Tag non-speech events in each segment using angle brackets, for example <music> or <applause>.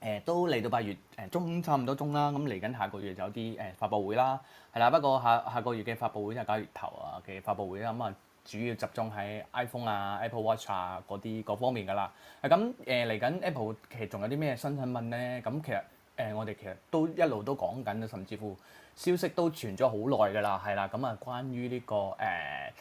誒都嚟到八月誒、呃、中差唔多中啦，咁嚟緊下個月就有啲誒、呃、發佈會啦，係啦。不過下下個月嘅發佈會即係九月頭啊嘅發佈會啦，咁、嗯、啊主要集中喺 iPhone 啊、Apple Watch 啊嗰啲各方面噶啦。係咁誒嚟緊 Apple 其實仲有啲咩新產品咧？咁、嗯、其實誒、呃、我哋其實都一路都講緊，甚至乎消息都傳咗好耐噶啦，係啦。咁、嗯、啊，關於呢、這個誒、呃、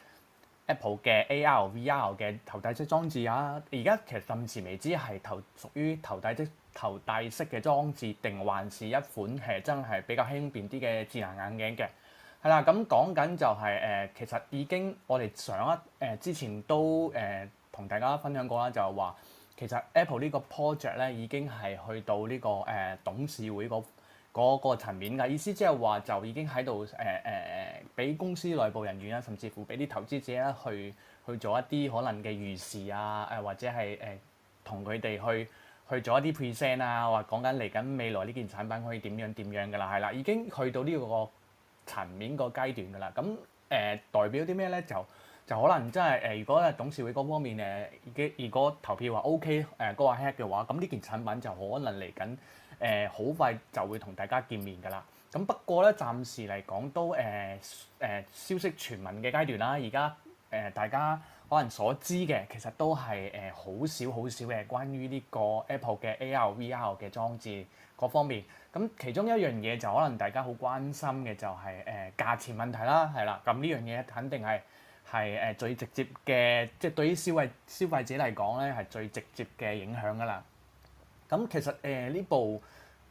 Apple 嘅 AR VR 嘅頭戴式裝置啊，而家其實暫時未知係頭屬於頭戴式。頭戴式嘅裝置，定還是一款係真係比較輕便啲嘅智能眼鏡嘅，係啦。咁講緊就係誒，其實已經我哋上一誒、呃、之前都誒、呃、同大家分享過啦，就係、是、話其實 Apple 呢個 Project 咧已經係去到呢、這個誒、呃、董事會嗰、那、嗰、個那個層面嘅意思，即係話就已經喺度誒誒誒俾公司內部人員啦，甚至乎俾啲投資者啦去去做一啲可能嘅預示啊，誒或者係誒同佢哋去。去做一啲 present 啊，話講緊嚟緊未來呢件產品可以點樣點樣嘅啦，係啦，已經去到呢個層面個階段嘅啦。咁、嗯、誒、呃、代表啲咩咧？就就可能真係誒、呃，如果董事會嗰方面誒、呃，如果投票話 OK，誒個 hack 嘅話，咁呢件產品就可能嚟緊誒好快就會同大家見面嘅啦。咁、嗯、不過咧，暫時嚟講都誒誒、呃呃、消息傳聞嘅階段啦。而家誒大家。可能所知嘅，其實都係誒好少好少嘅，關於呢個 Apple 嘅 AR、VR 嘅裝置各方面。咁其中一樣嘢就可能大家好關心嘅就係誒價錢問題啦，係啦。咁呢樣嘢肯定係係誒最直接嘅，即係對於消費消費者嚟講咧，係最直接嘅影響㗎啦。咁其實誒呢部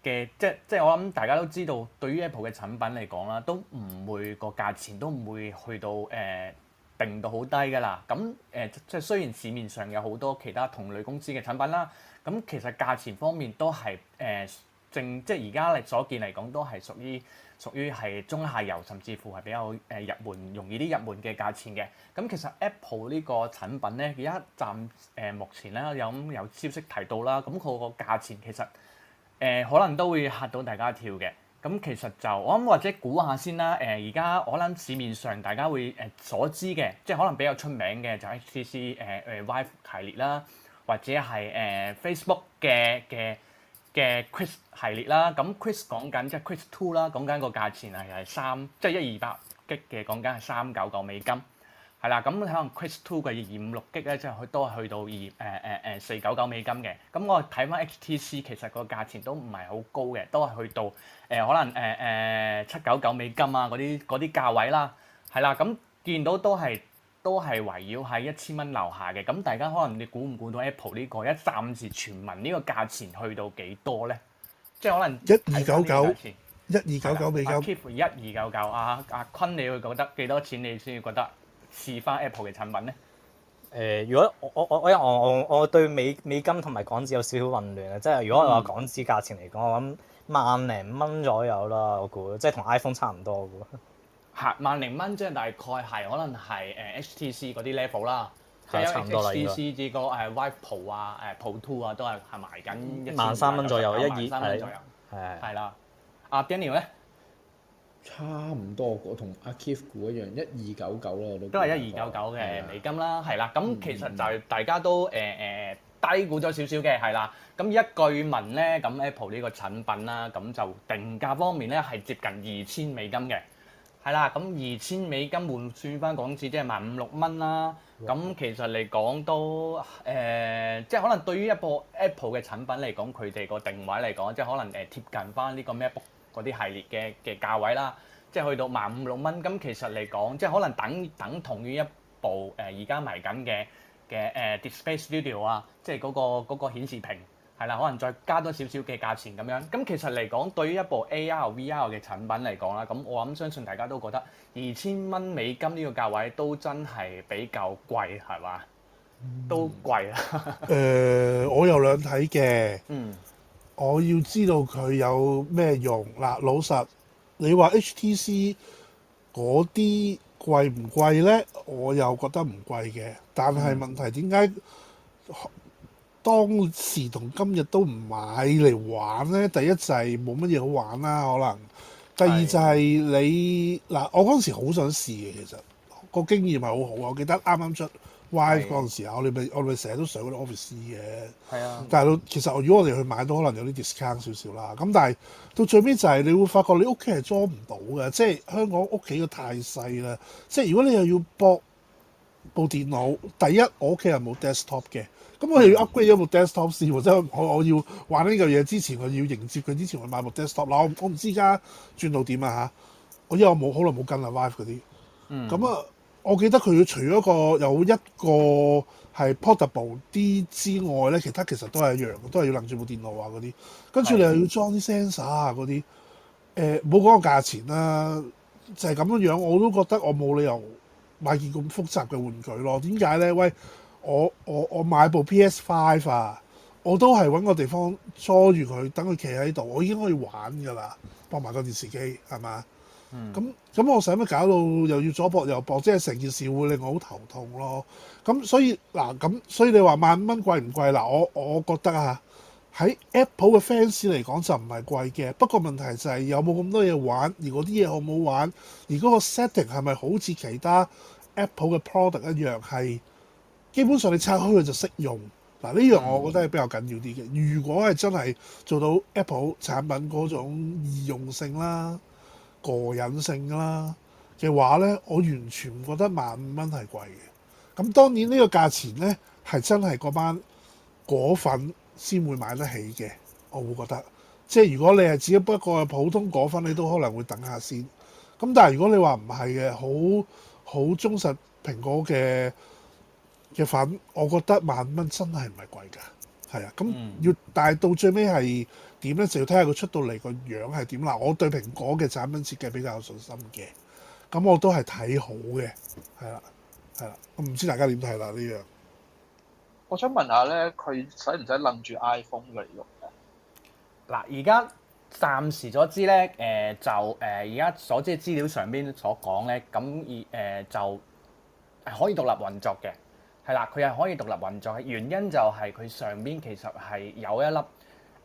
嘅即即我諗大家都知道，對於 Apple 嘅產品嚟講啦，都唔會，個價錢都唔會去到誒。呃定到好低㗎啦，咁誒即係雖然市面上有好多其他同類公司嘅產品啦，咁其實價錢方面都係誒、呃、正，即係而家嚟所見嚟講都係屬於屬於係中下游，甚至乎係比較誒入門容易啲入門嘅價錢嘅。咁、嗯、其實 Apple 呢個產品咧，而家暫誒目前咧有有消息提到啦，咁佢個價錢其實誒、呃、可能都會嚇到大家跳嘅。咁其實就我諗或者估下先啦，誒而家我諗市面上大家會誒、呃、所知嘅，即係可能比較出名嘅就 HTC、是、誒、呃、誒、呃、Vive 系列啦，或者係誒、呃、Facebook 嘅嘅嘅 Quest 系列啦。咁 Quest 講緊即係 Quest Two 啦，講緊個價錢係係三即係一二百億嘅，講緊係三九九美金。係啦，咁可能 Quest Two 嘅二五六激咧，即係佢都係去到二誒誒誒四九九美金嘅。咁我睇翻 HTC，其實個價錢都唔係好高嘅，都係去到誒、呃、可能誒誒七九九美金啊嗰啲啲價位啦。係啦，咁、嗯、見到都係都係圍繞喺一千蚊樓下嘅。咁大家可能你估唔估到 Apple 呢、這個一暫時傳聞呢個價錢去到幾多咧？即係可能一二九九，一二九九美金。Uh, keep 一二九九啊！阿坤，你會覺得幾多錢你先覺得？試翻 Apple 嘅產品咧，誒，如果我我我因為我我對美美金同埋港紙有少少混亂啊，即係如果我話港紙價錢嚟講，我諗萬零蚊左右啦，我估，即係同 iPhone 差唔多嘅。係萬零蚊，即係大概係可能係誒 HTC 嗰啲 level 啦，係差唔多啦，HTC c 至個誒 Vive Pro 啊、誒 Pro Two 啊都係係賣緊，萬三蚊左右，一二三係係啦。阿 Daniel 咧？差唔多，我同阿 k i y f 估一樣，一二九九啦，都。都係一二九九嘅美金啦，係啦，咁其實就大家都誒誒、呃呃、低估咗少少嘅，係啦，咁一句文咧，咁 Apple 呢個產品啦，咁就定價方面咧係接近二千美金嘅，係啦，咁二千美金換算翻港紙即係賣五六蚊啦，咁哇其實嚟講都誒、呃，即係可能對於一部 Apple 嘅產品嚟講，佢哋個定位嚟講，即係可能誒貼、呃、近翻呢個 MacBook。嗰啲系列嘅嘅價位啦，即係去到萬五六蚊，咁其實嚟講，即係可能等等同於一部誒而家賣緊嘅嘅誒 Display Studio 啊，即係嗰個嗰個顯示屏係啦，可能再加多少少嘅價錢咁樣。咁其實嚟講，對於一部 AR、VR 嘅產品嚟講啦，咁我諗相信大家都覺得二千蚊美金呢個價位都真係比較貴，係嘛？嗯、都貴。誒、 <laughs> 呃，我有兩睇嘅。嗯。我要知道佢有咩用嗱？老實，你話 HTC 嗰啲貴唔貴呢？我又覺得唔貴嘅，但係問題點解當時同今日都唔買嚟玩呢？第一就係冇乜嘢好玩啦，啊，可能。第二就係你嗱，的我嗰陣時好想試嘅，其實個經驗係好好，我記得啱啱出。Vive 嗰陣時候，的我哋咪我哋成日都上嗰啲 office 嘅，係啊。的但係到其實，如果我哋去買都可能有啲 discount 少少啦。咁但係到最尾就係你會發覺你屋企係裝唔到嘅，即係香港屋企嘅太細啦。即係如果你又要博部電腦，第一我屋企係冇 desktop 嘅，咁我又要 upgrade 一部 desktop 先，嗯、或者我我要玩呢嚿嘢之前，我要迎接佢之前，我買部 desktop。嗱，我唔知依家轉到點啊嚇！我因為我冇好耐冇跟阿 Vive 嗰啲，咁、嗯、啊。我記得佢要除咗個有一個係 portable 啲之外咧，其他其實都係一樣，都係要拎住部電腦啊嗰啲，跟住你又要裝啲 sensor 啊嗰啲，誒冇講個價錢啦，啊，就係咁樣樣，我都覺得我冇理由買件咁複雜嘅玩具咯。點解咧？喂，我我我買部 PS Five 啊，我都係搵個地方裝住佢，等佢企喺度，我已經可以玩㗎啦，駁埋個電視機係嘛？咁咁，嗯、我使乜搞到又要左搏右搏，即係成件事會令我好頭痛咯。咁所以嗱，咁所以你話萬五蚊貴唔貴？嗱，我我覺得啊，喺 Apple 嘅 fans 嚟講就唔係貴嘅。不過問題就係有冇咁多嘢玩，而嗰啲嘢好唔好玩，而嗰個 setting 係咪好似其他 Apple 嘅 product 一樣係基本上你拆開佢就識用。嗱，呢樣我覺得係比較緊要啲嘅。是的 如果係真係做到 Apple 產品嗰種易用性啦～個人性啦嘅話呢，我完全唔覺得萬五蚊係貴嘅。咁當然呢個價錢呢，係真係嗰班果粉先會買得起嘅。我會覺得，即係如果你係只不過係普通果粉，你都可能會等下先。咁但係如果你話唔係嘅，好好忠實蘋果嘅嘅粉，我覺得萬五蚊真係唔係貴㗎。係啊，咁要，但係到最尾係。點咧就要睇下佢出到嚟個樣係點啦。我對蘋果嘅產品設計比較有信心嘅，咁我都係睇好嘅，係啦，係啦。我唔知大家點睇啦呢樣？我想問下咧，佢使唔使擸住 iPhone 嚟用咧？嗱，而家暫時知所知咧，誒就誒而家所知資料上邊所講咧，咁而誒就係可以獨立運作嘅，係啦，佢係可以獨立運作嘅。原因就係佢上邊其實係有一粒。誒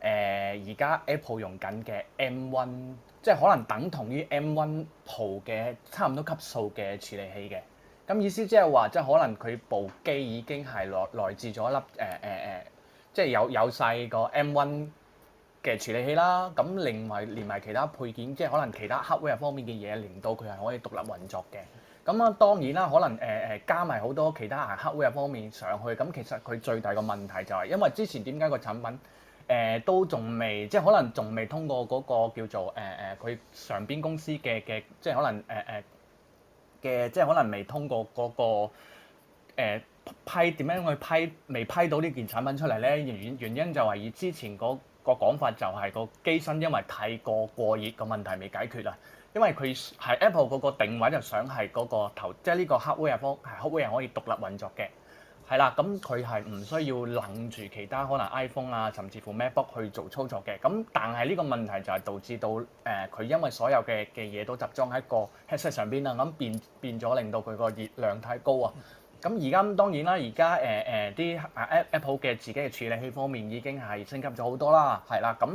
而家、呃、Apple 用緊嘅 M1，即係可能等同於 M1 Pro 嘅差唔多級數嘅處理器嘅。咁意思即係話，即係可能佢部機已經係來來自咗一粒誒誒誒，即係有有細個 M1 嘅處理器啦。咁另外連埋其他配件，即係可能其他 hardware 方面嘅嘢，令到佢係可以獨立運作嘅。咁啊，當然啦，可能誒誒、呃、加埋好多其他 hardware 方面上去，咁其實佢最大個問題就係、是、因為之前點解個產品？誒、呃、都仲未，即係可能仲未通過嗰個叫做誒誒佢上邊公司嘅嘅，即係可能誒誒嘅，即係可能未通過嗰、嗰個誒、呃、批點樣去批，未批到呢件產品出嚟咧，原因原因就係以之前嗰、嗰個講法就係個機身因為太過過熱個問題未解決啊，因為佢係 Apple 嗰個定位就想係嗰、嗰個頭，即係呢個黑 View 係黑 View 係可以獨立運作嘅。係啦，咁佢係唔需要諗住其他可能 iPhone 啊，甚至乎 MacBook 去做操作嘅。咁但係呢個問題就係導致到誒佢、呃、因為所有嘅嘅嘢都集中喺個 headset 上邊啦，咁變變咗令到佢個熱量太高啊。咁而家當然啦，而家誒誒、呃、啲 Apple Apple 嘅自己嘅處理器方面已經係升級咗好多啦。係啦，咁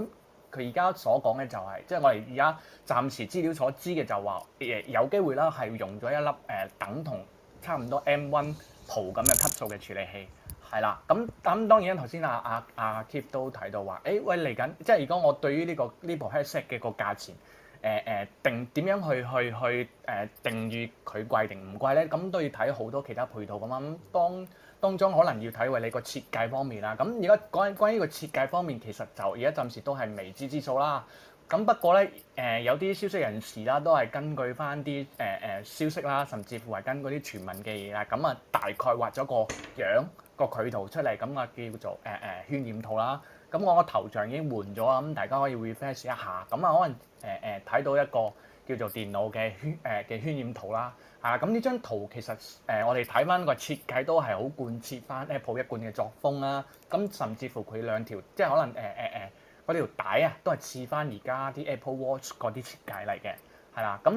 佢而家所講嘅就係即係我哋而家暫時資料所知嘅就話、呃、有機會啦，係用咗一粒誒等同差唔多 M1，圖咁嘅級數嘅處理器，係啦，咁咁當然頭先阿阿阿 Kip 都睇到話，誒、欸、喂，嚟緊，即係如果我對於呢、這個呢部 Headset 嘅個價錢，誒、呃、誒、呃、定點樣去去去誒、呃、定住佢貴定唔貴咧？咁都要睇好多其他配套噶嘛。咁當當中可能要睇為你個設計方面啦。咁而家關關於個設計方面，其實就而家暫時都係未知之數啦。咁不過咧，誒、呃、有啲消息人士啦，都係根據翻啲誒誒消息啦，甚至乎係根據啲傳聞嘅嘢啦，咁啊大概畫咗個樣個軌圖出嚟，咁啊叫做誒誒渲染圖啦。咁我個頭像已經換咗啦，咁大家可以 refresh 一下。咁啊可能誒誒睇到一個叫做電腦嘅渲嘅渲染圖啦。啊，咁呢張圖其實誒、呃、我哋睇翻個設計都係好貫徹翻 Apple 一貫嘅作風啦。咁甚至乎佢兩條即係可能誒誒誒。呃呃呃呃呃呃呃我條帶啊，都係似翻而家啲 Apple Watch 嗰啲設計嚟嘅，係啦。咁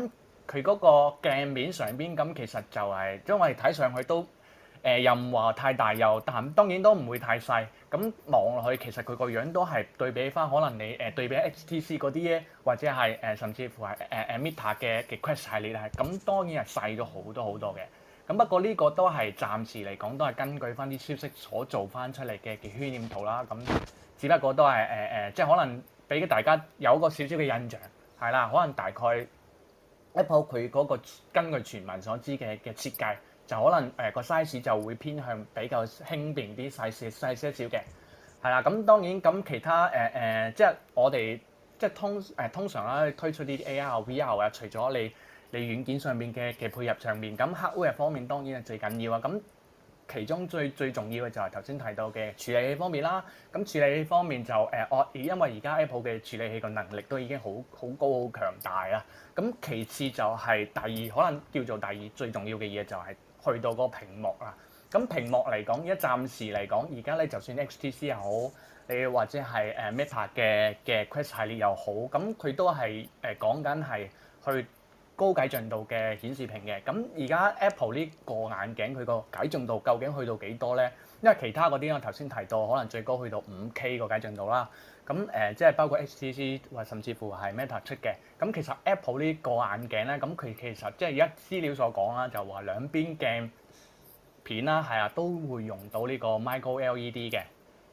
佢嗰個鏡面上邊，咁其實就係、將，我哋睇上去都誒、呃、又唔話太大，又但當然都唔會太細。咁望落去，其實佢個樣都係對比翻，可能你誒、呃、對比 HTC 嗰啲或者係誒、呃、甚至乎係誒誒、呃、Meta 嘅 Quest 系列，咁當然係細咗好多好多嘅。咁不過呢個都係暫時嚟講，都係根據翻啲消息所做翻出嚟嘅嘅概念圖啦。咁只不過都係誒誒，即係可能俾大家有個少少嘅印象，係啦，可能大概 Apple 佢嗰個根據傳聞所知嘅嘅設計，就可能誒、呃、個 size 就會偏向比較輕便啲、細些細些少嘅，係啦。咁、嗯、當然咁其他誒誒、呃呃，即係我哋即係通誒、呃、通常啦，推出呢啲 AR、VR 啊，除咗你你軟件上面嘅嘅配合上面，咁 hardware 方面當然係最緊要啊。咁、嗯其中最最重要嘅就係頭先提到嘅處理器方面啦，咁處理器方面就誒，我、呃、因為而家 Apple 嘅處理器個能力都已經好好高好強大啦。咁其次就係第二，可能叫做第二最重要嘅嘢就係去到個屏幕啦。咁屏幕嚟講，一暫時嚟講，而家咧就算 HTC 又好，你或者係誒 Meta 嘅嘅 Quest 系列又好，咁佢都係誒講緊係去。高解像度嘅顯示屏嘅，咁而家 Apple 呢個眼鏡佢個解像度究竟去到幾多呢？因為其他嗰啲我頭先提到，可能最高去到五 K 個解像度啦。咁誒，即係包括 HTC 或甚至乎係 Meta 出嘅。咁其實 Apple 呢個眼鏡呢，咁佢其實即係而家資料所講啦，就話兩邊鏡片啦，係啊，都會用到呢個 Micro LED 嘅。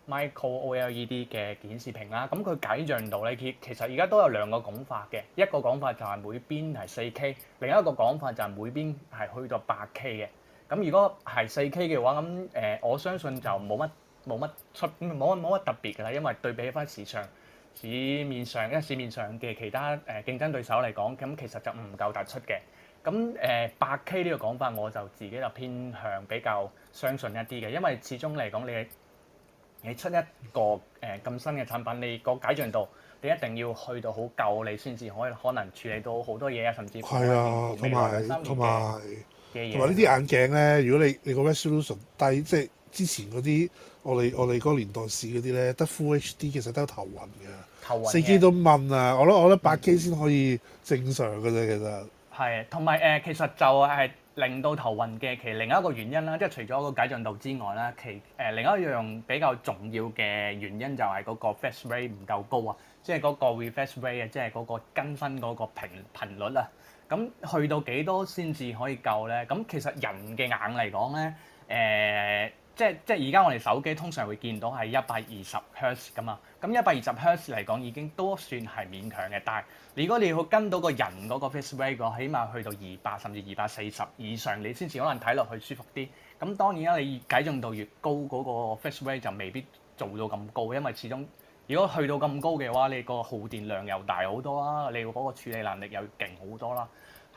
Micro OLED 嘅顯示屏啦，咁佢解像度呢？其實而家都有兩個講法嘅，一個講法就係每邊係 4K，另一個講法就係每邊係去到 8K 嘅。咁如果係 4K 嘅話，咁誒我相信就冇乜冇乜出冇乜冇乜特別嘅啦，因為對比翻市場市面上，因為市面上嘅其他誒競爭對手嚟講，咁其實就唔夠突出嘅。咁誒 8K 呢個講法，我就自己就偏向比較相信一啲嘅，因為始終嚟講你。你出一個誒咁新嘅產品，你個解像度你一定要去到好夠，你先至可以可能處理到好多嘢啊，甚至乎係啊，同埋同埋同埋呢啲眼鏡咧，如果你你個 resolution 低，即係之前嗰啲我哋我哋嗰年代試嗰啲咧，得 Full HD 其實都頭暈嘅，頭暈，四 K 都暈啊！我覺得我覺得八 K 先可以正常嘅啫，其實。係，同埋誒其實就係令到頭暈嘅，其另一個原因啦，即係除咗個解像度之外啦，其誒、呃、另一樣比較重要嘅原因就係嗰個 refresh rate 唔夠高啊，即係嗰個 refresh rate 即係嗰個更新嗰個頻頻率啊，咁去到幾多先至可以夠咧？咁其實人嘅眼嚟講咧，誒、呃。即係即係，而家我哋手機通常會見到係一百二十赫茲噶嘛，咁一百二十赫茲嚟講已經都算係勉強嘅。但係如果你要跟到個人嗰個 refresh rate，起碼去到二百甚至二百四十以上，你先至可能睇落去舒服啲。咁當然啦，你解像度越高，嗰、嗰個 refresh rate 就未必做到咁高，因為始終如果去到咁高嘅話，你個耗電量又大好多啦，你嗰個處理能力又勁好多啦，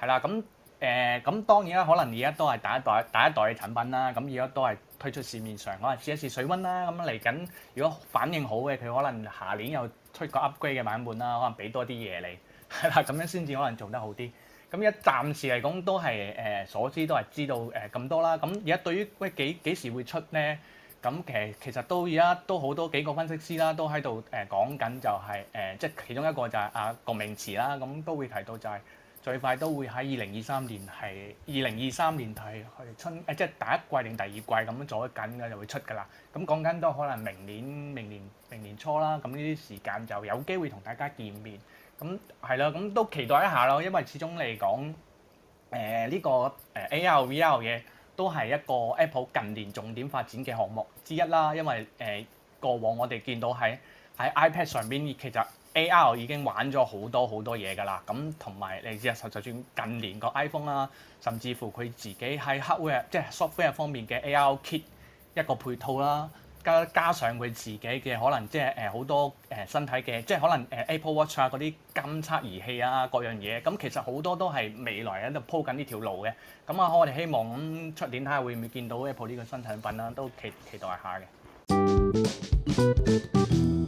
係啦，咁。誒咁、呃、當然啦，可能而家都係第一代第一代嘅產品啦，咁而家都係推出市面上，可能試一試水溫啦。咁嚟緊如果反應好嘅，佢可能下年又出個 upgrade 嘅版本啦，可能俾多啲嘢你，係啦，咁樣先至可能做得好啲。咁而家暫時嚟講都係誒、呃、所知都係知道誒咁多啦。咁而家對於喂幾幾時會出咧？咁其實其實都而家都好多幾個分析師啦，都喺度誒講緊就係、是、誒、呃，即係其中一個就係阿郭明錤啦，咁都會提到就係、是。最快都會喺二零二三年，係二零二三年係係春，誒即係第一季定第二季咁樣做緊嘅就會出㗎啦。咁講緊都可能明年、明年、明年初啦。咁呢啲時間就有機會同大家見面。咁係咯，咁都期待一下咯。因為始終嚟講，誒、呃、呢、這個誒 AR VR 嘢都係一個 Apple 近年重點發展嘅項目之一啦。因為誒、呃、過往我哋見到喺喺 iPad 上邊其實。AR 已經玩咗好多好多嘢㗎啦，咁同埋你知啊，就算近年個 iPhone 啦、啊，甚至乎佢自己喺 hardware 即係 software 方面嘅 AR kit 一個配套啦，加加上佢自己嘅可能即係誒好多誒身體嘅，即係可能誒 Apple Watch 啊嗰啲監測儀器啊各樣嘢，咁其實好多都係未來喺度鋪緊呢條路嘅。咁啊，我哋希望咁出年睇下會唔會見到 Apple 呢個新產品啦、啊，都期期待下嘅。 <music>